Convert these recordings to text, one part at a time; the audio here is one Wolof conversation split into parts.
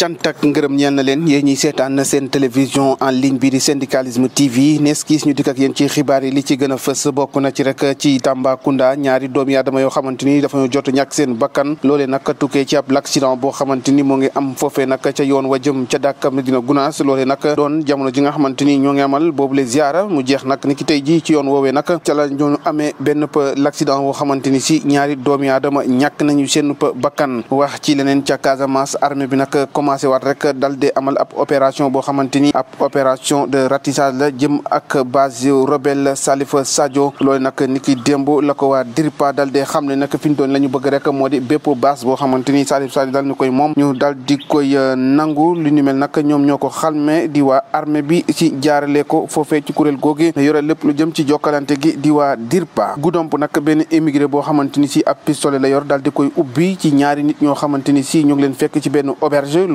cant ak ngërëm ñeel na leen yéen ñuy seetaan seen télévision en ligne bi syndicalisme TV nees kiis ñu dikk ak ci xibaar yi li ci gën a fës bokk na ci rek ci Tambacounda ñaari doomi aadama yoo xamante ni dafa ñu jot ñàkk seen bakkan loolee nag tukkee ci ab l'accident boo xamante ni moo ngi am foofee nag ca yoon wa jëm ca Dakar Medina Gounass loolee nag doon jamono ji nga xamante ni ñoo ngi amal boobu le ziara mu jeex nag ni ki tey ji ci yoon woowee nag ca la ñu amee benn pa l'accident boo xamante ni si ñaari doomi aadama ñàkk nañu seen bakkan wax ci leneen ca Casamance armée bi nag commencé waat amal ab opération boo xamante ni ab opération de ratissage la jëm ak base rebelle Salif Sadio loolu nag ni ki démb la ko DIRPA dal di xam ne nag fi ñu doon la ñu bëgg rek moo di bépp base boo xamante ni Salif Sadio dal ni koy moom ñu dal di koy euh, nangu lu ñu mel nag ñoom ñoo ko xalme di waa bi ci jaarale ko foofee ci kuréel googu yore lépp lu jëm ci jokkalante gi di waa DIRPA Goudomp nag benn émigré boo xamante ni si a pistolet la yor dal di koy ubbi ci ñaari nit ni si ñu ngi leen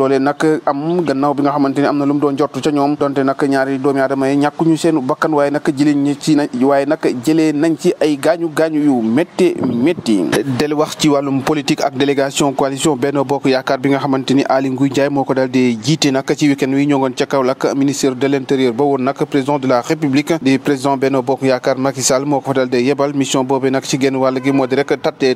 loolee nag am gannaaw bi nga xamante ne am na lu mu doon jortu ca ñoom donte nag ñaari doomi aadama yi ñàkkuñu seen bakkan waaye nag jëlee na waaye nag jëlee nañ ci ay gaañu gaañu yu métti métti del wax ci wàllum politique ak délégation coalition Benno Bokk Yaakaar bi nga xamante ni Aly Ngouille Ndiaye moo ko daal di jiite nag ci week-end wi ñoo ngoon ca Kaolack ministère de l'intérieur ba woon nag président de la république di président Benno Bokk Yaakaar Macky Sall fa daal di yebal mission boobee nag ci genn wàll gi rek tate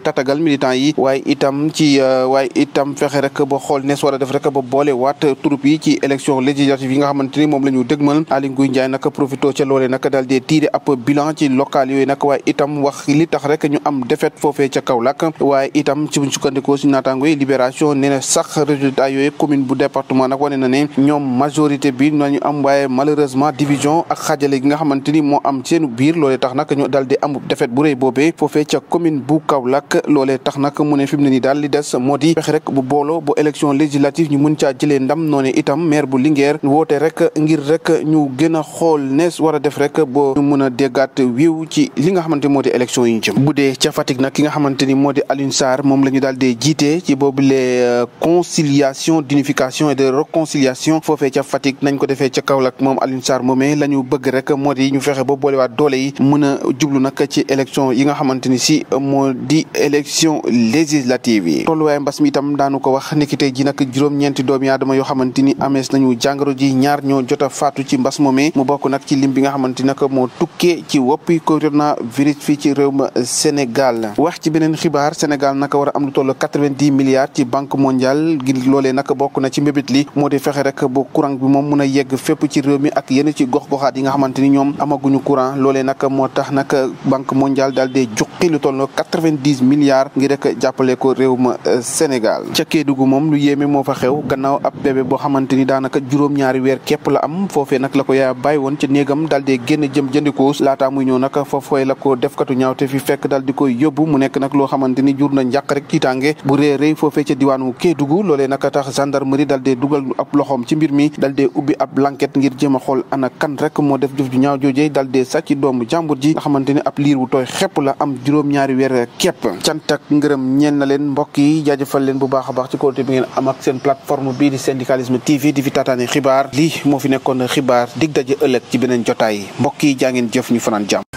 yi waaye itam ci euh, waaye a def ba boole waat troupe yi ci élection législative yi nga xamante ni moom la ñu dëgmal Aly Ngouille Ndiaye profito ca loolee nag daal di tiire ab bilan ci local yooyu nag waaye itam wax li tax rek ñu am défaite foofee ca Kaolack waaye na sax résultat yooyu commune bu département nag wane na ne ñoom majorité bi nañu am ca commune bu Kaolack loolee tax nag mu ne fi daal li des moo rek bu booloo élection législative ñu mun caa jëlee ndam noonu itam maire bu Linguère woote rek ngir rek ñu gën a xool nees war a def rek boo ñu mën a déggaat wiiw ci li nga xamante moo di élection yi ñu jëm bu dee ca Fatick ki nga xamante ni moo di Alioune Sarr moom la ñu daal di jiite ci boobu les euh, conciliation d'unification et de réconciliation foofee ca Fatick nañ ko defee ca Kaolack moom Alioune Sarr moomee la ñu bëgg rek moo di ñu fexe ba boolewaat doole yi mën a jublu nag ci élection yi nga xamante ni si moo di élection législative yi tolluwaay mbas mi itam daanu wax niki tey ji ñeent ñeenti doomi aadama yoo xamante ni amees nañu jàngoro ji ñaar ñoo jot a faatu ci mbas moomee mu bokk nag ci lim bi nga xamante nag moo tukkee ci woppi fii ci réew ma Sénégal wax ci beneen xibaar Sénégal naka war am lu toll quatre-vingt-dix milliards ci banque mondiale gi loolee bokk na ci mbébét moo di fexe rek ba courant bi moom mun a yegg fépp ci réew mi ak yenn ci gox-goxaat yi nga xamante ni ñoom amaguñu courant loolee nag moo tax nag banque mondiale daal di juqi lu toll quatre-vingt-dix milliards rek jàppale ko réew ma Sénégal ca Kédougou moom lu yéeme moo fa xew gannaaw ab bébé boo xamante ni daanaka juróom-ñaari weer képp la am foofee nag la ko yaay woon ca néegam dal di génn jëm jëndikoo laataa muy ñëw nag foofee la ko defkatu ñaawte fi fekk daal di koy yóbbu mu nekk nag loo xamante ni jur na njàq rek tiitaange bu rëy rëy foofee ca diwaanu Kédougou loolee nag tax gendarmerie daal di dugal loxoom ci mbir mi daal di ubbi ab l'enquête ngir jéem a xool ana kan rek moo def jëf ju ñaaw joojee daal di sàcc doomu jàmbur ji a xamante ni ab liir wu tooy la am juróom-ñaari weer képp cant ak ngërëm ñeen na leen mbokk yi jaajëfal leen bu baax a baax ci kóolute bi ngeen am ak seen plateforme plateforme bii di syndicalisme TV di fi taataane xibaar li moo fi nekkoon xibaar dig daje ëllëg ci beneen jotaay mbokk yi jaa ngeen jëf ñu fanaan jàmm.